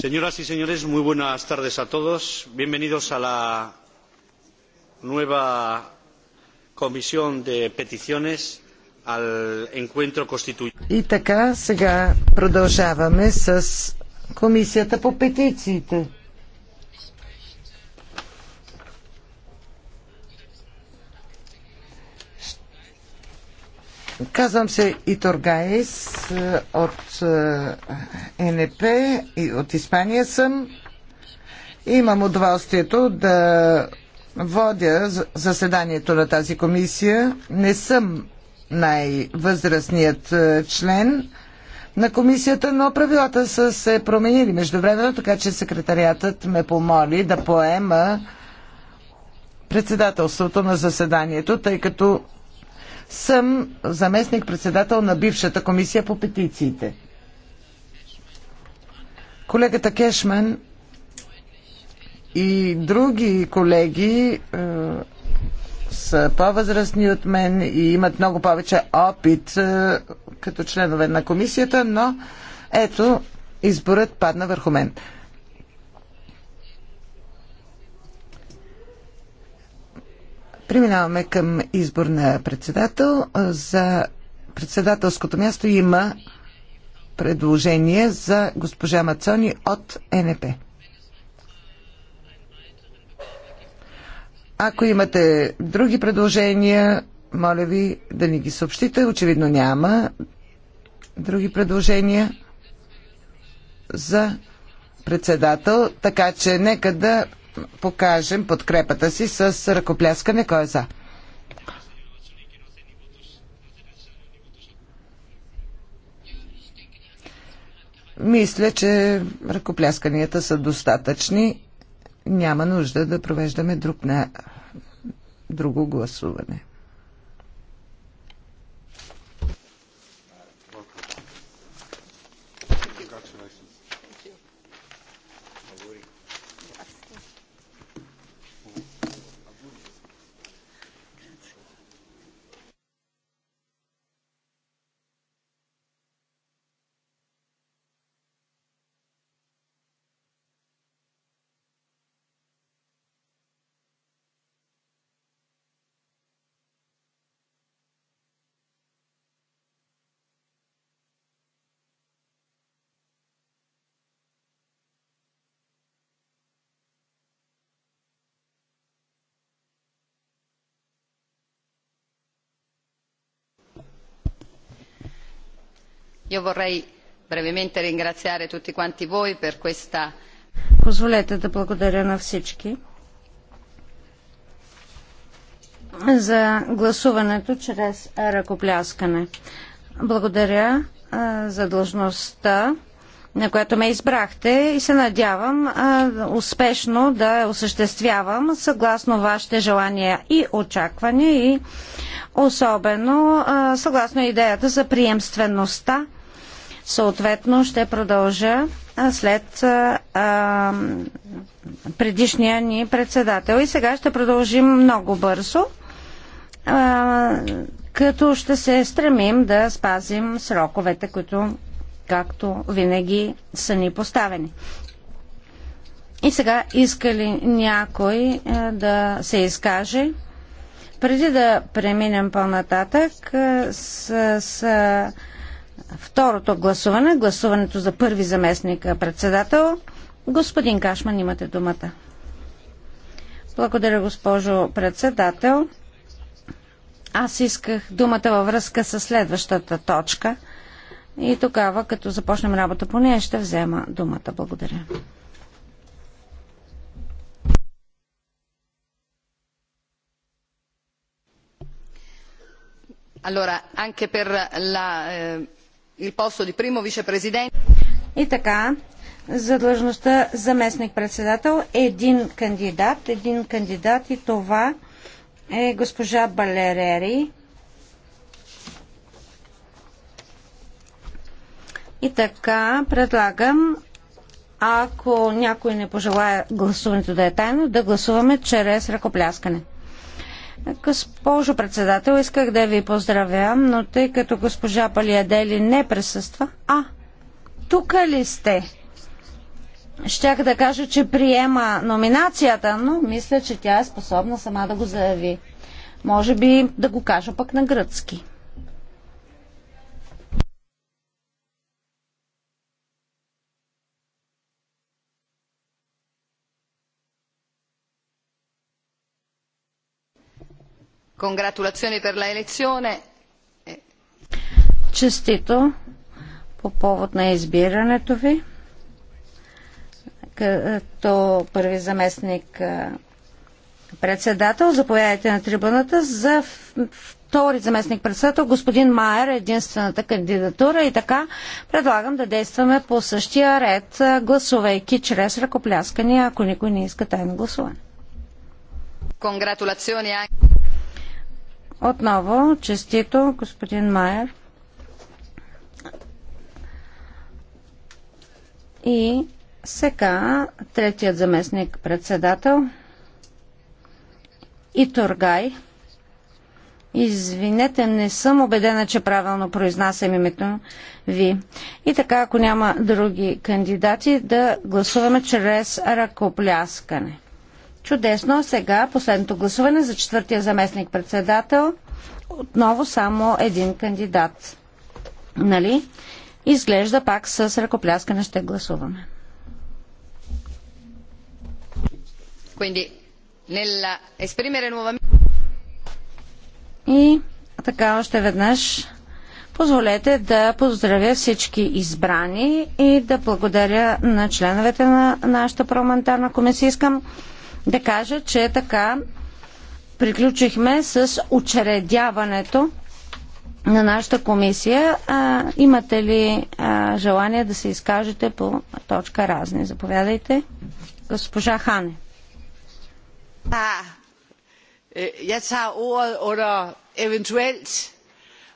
señoras y señores muy buenas tardes a todos bienvenidos a la nueva comisión de peticiones al encuentro constituyente. И така, сега продължаваме с Комисията по петициите. Казвам се Итор Гайс е, от е, НП и от Испания съм. Имам удоволствието да водя заседанието на тази комисия. Не съм най-възрастният е, член на комисията, но правилата са се променили междувременно, така че секретариатът ме помоли да поема председателството на заседанието, тъй като съм заместник-председател на бившата комисия по петициите. Колегата Кешман и други колеги е, са по-възрастни от мен и имат много повече опит е, като членове на комисията, но ето изборът падна върху мен. Преминаваме към избор на председател. За председателското място има предложение за госпожа Мацони от НП. Ако имате други предложения, моля ви да ни ги съобщите. Очевидно няма други предложения за председател, така че нека да покажем подкрепата си с ръкопляскане. Кой е за? Мисля, че ръкоплясканията са достатъчни. Няма нужда да провеждаме друг на... друго гласуване. Io vorrei brevemente ringraziare tutti quanti voi per questa. Позволете да благодаря на всички за гласуването чрез ръкопляскане. Благодаря за длъжността, на която ме избрахте и се надявам а, успешно да я осъществявам съгласно вашите желания и очаквания и особено а, съгласно идеята за приемствеността Съответно ще продължа след а, предишния ни председател. И сега ще продължим много бързо, а, като ще се стремим да спазим сроковете, които както винаги са ни поставени. И сега иска ли някой да се изкаже? Преди да преминем по-нататък с, с второто гласуване, гласуването за първи заместник председател. Господин Кашман, имате думата. Благодаря, госпожо председател. Аз исках думата във връзка с следващата точка и тогава, като започнем работа по нея, ще взема думата. Благодаря. Allora, anche per la eh, il posto di primo vicepresidente. И така, за длъжността заместник-председател един кандидат, един кандидат и това е госпожа Балерери. И така, предлагам, ако някой не пожелая гласуването да е тайно, да гласуваме чрез ръкопляскане. Госпожо председател, исках да ви поздравя, но тъй като госпожа Палиадели не присъства, а, тук ли сте? Щях да кажа, че приема номинацията, но мисля, че тя е способна сама да го заяви. Може би да го кажа пък на гръцки. Congratulazioni per la eh. Честито по повод на избирането ви като е, първи заместник е, председател. Заповядайте на трибуната за втори заместник председател. Господин Майер е единствената кандидатура и така предлагам да действаме по същия ред, е, гласувайки чрез ръкопляскания, ако никой не иска тайно гласуване. Конгратулациони. Отново, честито, господин Майер. И сега третият заместник председател и Тургай. Извинете, не съм убедена, че правилно произнасям името ви. И така, ако няма други кандидати, да гласуваме чрез ръкопляскане. Чудесно. Сега последното гласуване за четвъртия заместник председател. Отново само един кандидат. Нали? Изглежда пак с ръкопляскане ще гласуваме. И така още веднъж позволете да поздравя всички избрани и да благодаря на членовете на нашата парламентарна комисия. Искам да кажа, че така приключихме с учредяването на нашата комисия. А, имате ли а, желание да се изкажете по точка разни? Заповядайте. Госпожа Хане. А, е, я tager ordet under eventuelt,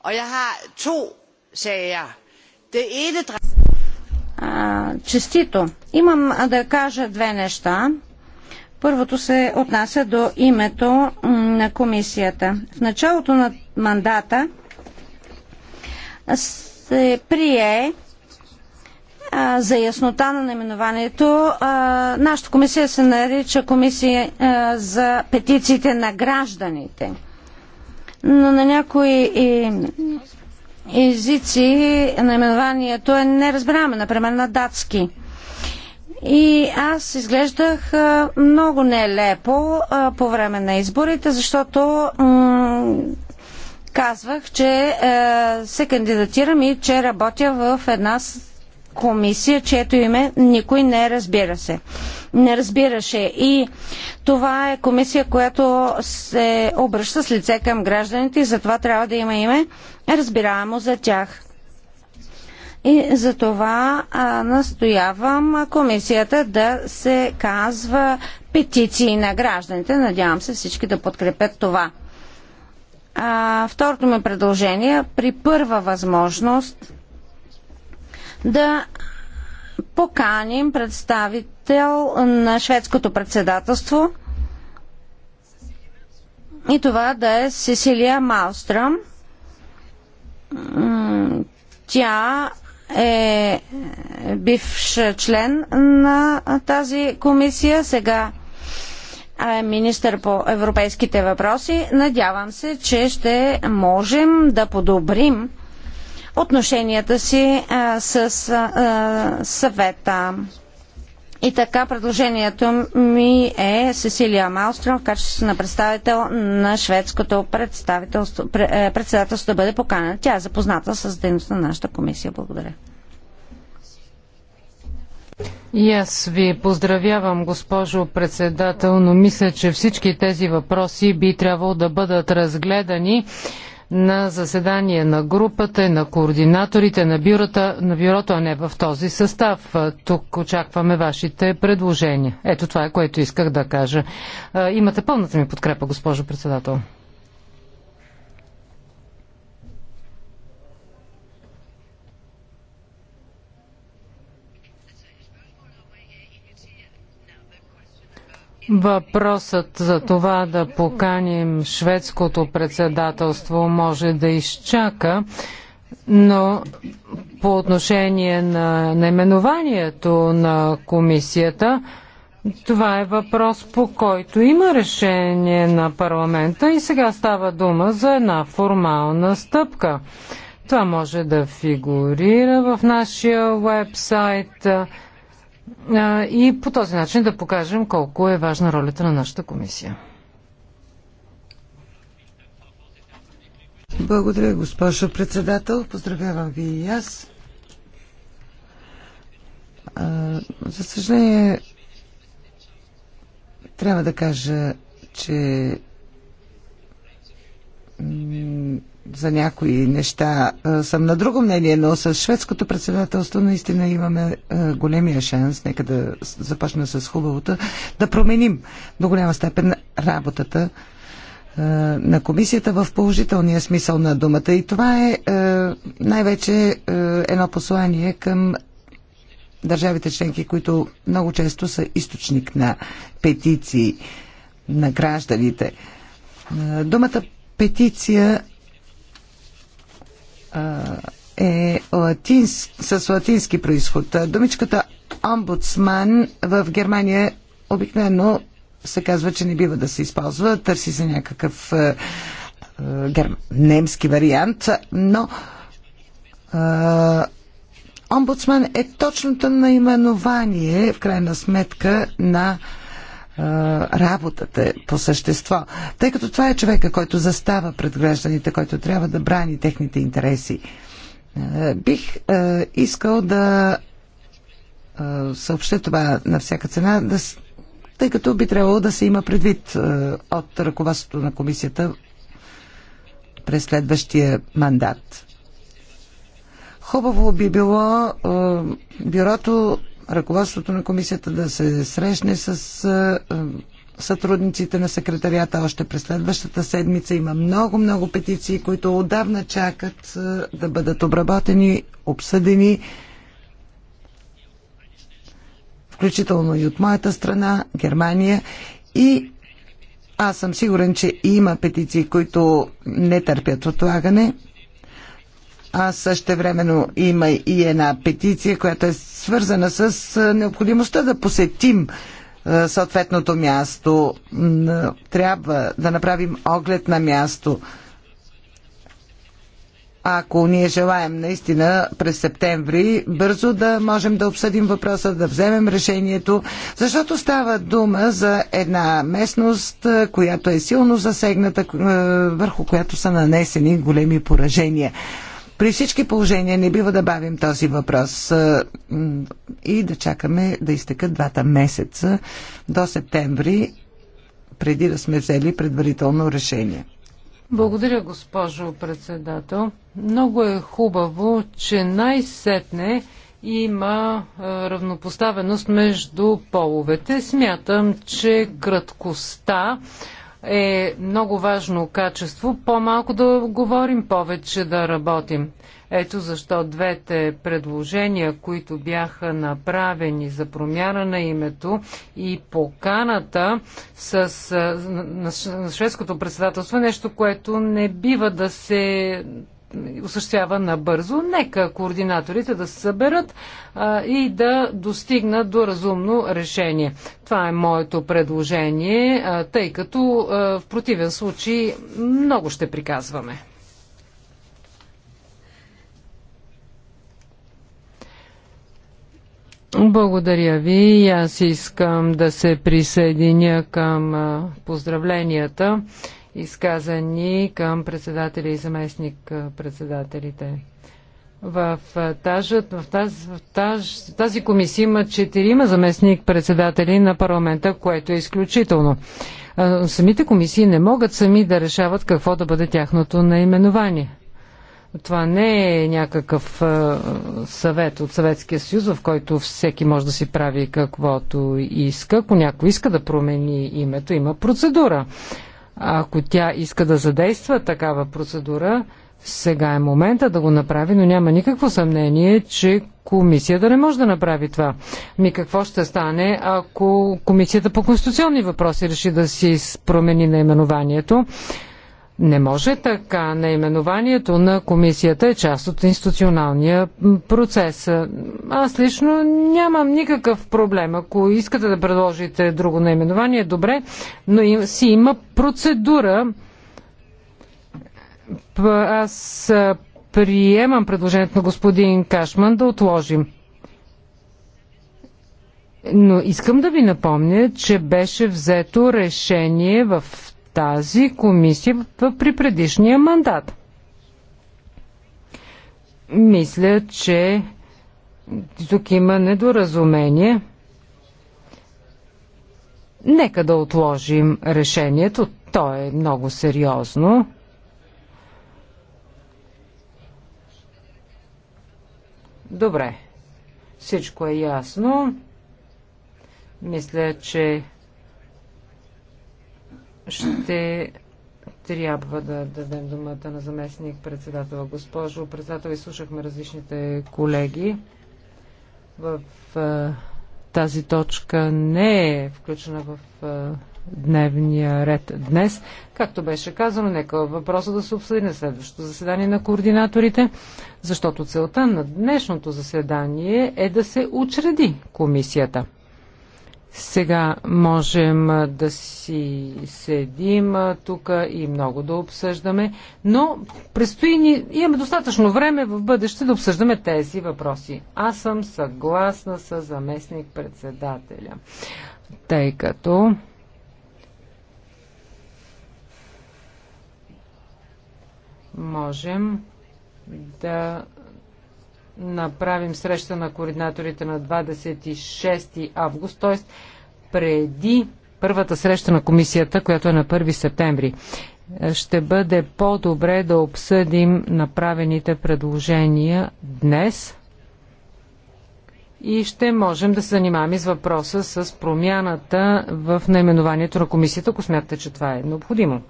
og jeg har to sager. Det ene... Честито. Имам да кажа две неща. Първото се отнася до името на комисията. В началото на мандата се прие а, за яснота на наименованието. А, нашата комисия се нарича Комисия а, за петициите на гражданите. Но на някои и, езици наименованието е неразбираме, например на датски. И аз изглеждах много нелепо по време на изборите, защото казвах, че е, се кандидатирам и че работя в една комисия, чието име никой не разбира се. Не разбираше. И това е комисия, която се обръща с лице към гражданите и затова трябва да има име разбираемо за тях. И за това а, настоявам комисията да се казва петиции на гражданите. Надявам се всички да подкрепят това. А, второто ми предложение при първа възможност да поканим представител на шведското председателство и това да е Сесилия Малстрам. Тя е бивш член на тази комисия, сега е министър по европейските въпроси. Надявам се, че ще можем да подобрим отношенията си с съвета. И така предложението ми е Сесилия Малстром в качеството на представител на шведското представителство, е, председателство да бъде покана. Тя е запозната с дейността на нашата комисия. Благодаря. И аз ви поздравявам, госпожо председател, но мисля, че всички тези въпроси би трябвало да бъдат разгледани на заседание на групата, на координаторите, на, бюрота, на бюрото, а не в този състав. Тук очакваме вашите предложения. Ето това е, което исках да кажа. Имате пълната ми подкрепа, госпожо председател. Въпросът за това да поканим шведското председателство може да изчака, но по отношение на наименованието на комисията, това е въпрос, по който има решение на парламента и сега става дума за една формална стъпка. Това може да фигурира в нашия вебсайт и по този начин да покажем колко е важна ролята на нашата комисия. Благодаря, госпожо председател. Поздравявам ви и аз. За съжаление, трябва да кажа, че за някои неща съм на друго мнение, но с шведското председателство наистина имаме големия шанс, нека да започна с хубавото, да променим до голяма степен работата на комисията в положителния смисъл на думата. И това е най-вече едно послание към държавите членки, които много често са източник на петиции на гражданите. Думата петиция е латинс, с латински происход. Думичката омбудсман в Германия обикновено се казва, че не бива да се използва. Търси се някакъв е, гер... немски вариант, но е, омбудсман е точното наименование, в крайна сметка, на работата е по същество. Тъй като това е човека, който застава пред гражданите, който трябва да брани техните интереси. Бих искал да съобща това на всяка цена, да, тъй като би трябвало да се има предвид от ръководството на комисията през следващия мандат. Хубаво би било бюрото ръководството на комисията да се срещне с сътрудниците на секретарията още през следващата седмица. Има много, много петиции, които отдавна чакат да бъдат обработени, обсъдени, включително и от моята страна, Германия. И аз съм сигурен, че има петиции, които не търпят отлагане а също времено има и една петиция, която е свързана с необходимостта да посетим съответното място. Трябва да направим оглед на място. Ако ние желаем наистина през септември бързо да можем да обсъдим въпроса, да вземем решението, защото става дума за една местност, която е силно засегната, върху която са нанесени големи поражения. При всички положения не бива да бавим този въпрос и да чакаме да изтекат двата месеца до септември, преди да сме взели предварително решение. Благодаря, госпожо председател. Много е хубаво, че най-сетне има равнопоставеност между половете. Смятам, че краткостта е много важно качество. По-малко да говорим, повече да работим. Ето защо двете предложения, които бяха направени за промяна на името и поканата с, на шведското председателство, е нещо, което не бива да се осъществява набързо. Нека координаторите да се съберат а, и да достигнат до разумно решение. Това е моето предложение, а, тъй като а, в противен случай много ще приказваме. Благодаря ви. Аз искам да се присъединя към поздравленията изказани към председателя и заместник председателите. В, тажът, в, тази, в таз, тази комисия има четирима заместник председатели на парламента, което е изключително. Самите комисии не могат сами да решават какво да бъде тяхното наименование. Това не е някакъв съвет от Съветския съюз, в който всеки може да си прави каквото иска. Ако някой иска да промени името, има процедура. Ако тя иска да задейства такава процедура, сега е момента да го направи, но няма никакво съмнение, че комисията не може да направи това. Ми какво ще стане, ако комисията по конституционни въпроси реши да си промени наименованието? Не може така. Наименованието на комисията е част от институционалния процес. Аз лично нямам никакъв проблем. Ако искате да предложите друго наименование, добре, но си има процедура. Аз приемам предложението на господин Кашман да отложим. Но искам да ви напомня, че беше взето решение в тази комисия при предишния мандат. Мисля, че тук има недоразумение. Нека да отложим решението. То е много сериозно. Добре. Всичко е ясно. Мисля, че ще трябва да дадем думата на заместник председател. Госпожо председател, изслушахме различните колеги. В а, тази точка не е включена в а, дневния ред днес. Както беше казано, нека въпроса да се обсъди на следващото заседание на координаторите, защото целта на днешното заседание е да се учреди комисията. Сега можем да си седим тук и много да обсъждаме, но предстои ни, имаме достатъчно време в бъдеще да обсъждаме тези въпроси. Аз съм съгласна с заместник председателя, тъй като можем да направим среща на координаторите на 26 август, т.е. преди първата среща на комисията, която е на 1 септември. Е, ще бъде по-добре да обсъдим направените предложения днес и ще можем да се занимаваме с въпроса с промяната в наименованието на комисията, ако смятате, че това е необходимо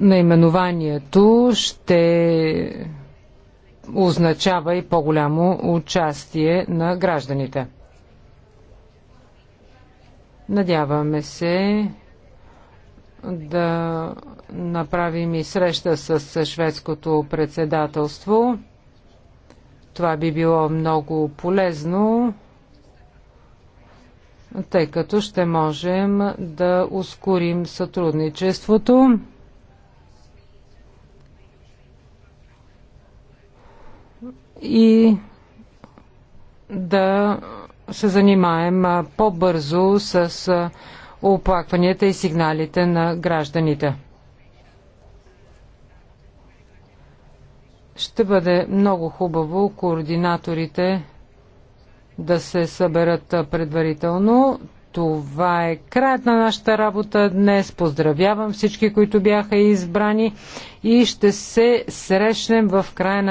наименованието ще означава и по-голямо участие на гражданите. Надяваме се да направим и среща с шведското председателство. Това би било много полезно, тъй като ще можем да ускорим сътрудничеството. и да се занимаем по-бързо с оплакванията и сигналите на гражданите. Ще бъде много хубаво координаторите да се съберат предварително. Това е краят на нашата работа днес. Поздравявам всички, които бяха избрани и ще се срещнем в края на